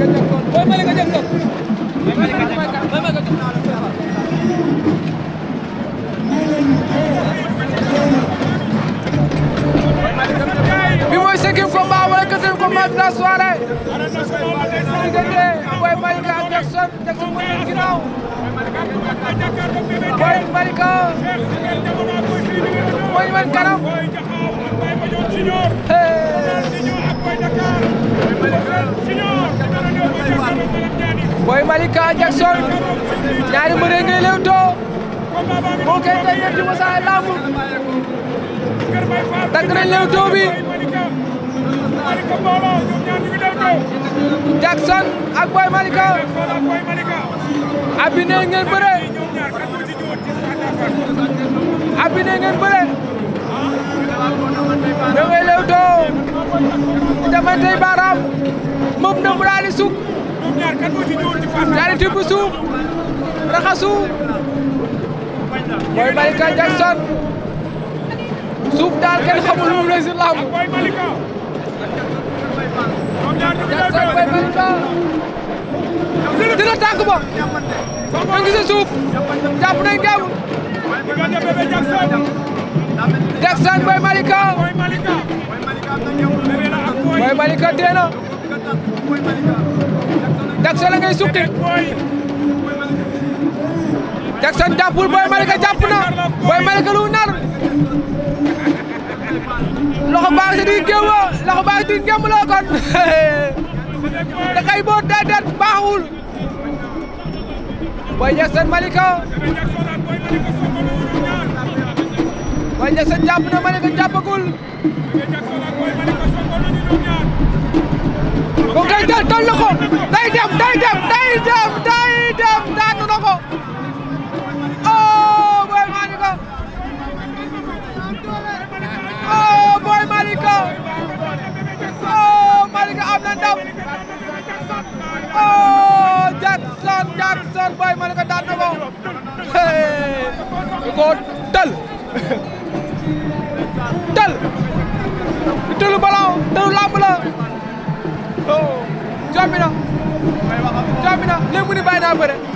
bi mooy cinquième combat wala quatrième combat de la soirée diggante Boy Malika ak Jackson Jackson moo nekk ginnaaw Boy Malika mooy wan kanam Boy Malika Jackson ñaari mbër yi ngay lewtoo boo koy tey ñëpp ci Wassare Lamb takk nañ lewtoo bi Jackson ak Boy Malika abi ne ngeen bëre abi ne ngeen bëre da ngay lewtoo di demantey baaraam moom na mu daal di sukk Ndiaye tibb suuf raxasu Boy Malika Jackson suuf daal kenn xamul moom la si làmb Jackson Boy Malika dina tànk ba ma ngi sa suuf jàpp nañ gàmm Jackson Boy Malika Boy Malika dee na Jackson la ngay sukki Jackson jàppul Boy Malika jàpp na Boy Malika lu nar loxo baa si duy géew loxo baa duy ngémb loo kon da kay boot baaxul Boy Jackson Malika Boy Jackson jàpp na Malika jàppagul na ko day dem day dem day dem day dem daanu na ko bëre